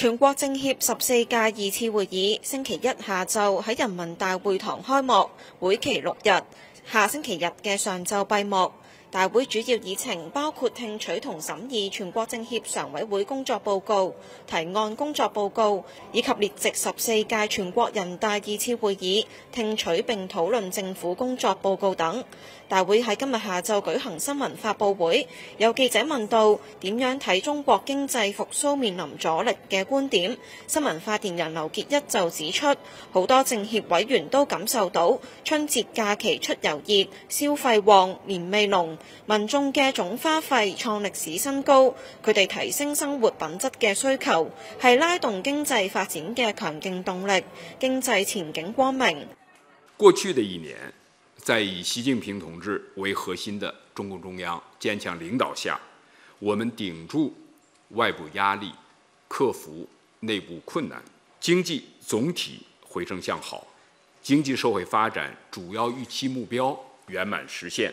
全國政協十四屆二次會議星期一下晝喺人民大會堂開幕，會期六日，下星期日嘅上晝閉幕。大會主要議程包括聽取同審議全國政協常委會工作報告、提案工作報告，以及列席十四屆全國人大二次會議聽取並討論政府工作報告等。大會喺今日下晝舉行新聞發布會，有記者問到點樣睇中國經濟復甦面臨阻力嘅觀點，新聞發言人劉結一就指出，好多政協委員都感受到春節假期出遊熱，消費旺、年味濃。民眾嘅總花費創歷史新高，佢哋提升生活品質嘅需求係拉動經濟發展嘅強勁動力，經濟前景光明。過去的一年，在以習近平同志為核心的中共中央堅強領導下，我們頂住外部壓力，克服內部困難，經濟總體回升向好，經濟社會發展主要預期目標圓滿實現。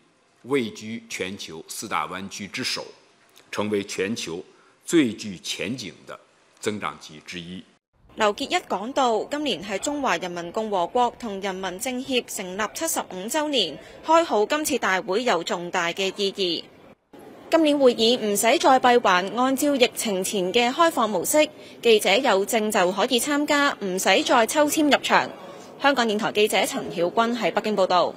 位居全球四大灣區之首，成為全球最具前景的增長極之一。劉結一講到，今年係中華人民共和國同人民政協成立七十五周年，開好今次大會有重大嘅意義。今年會議唔使再閉環，按照疫情前嘅開放模式，記者有證就可以參加，唔使再抽籤入場。香港電台記者陳曉君喺北京報道。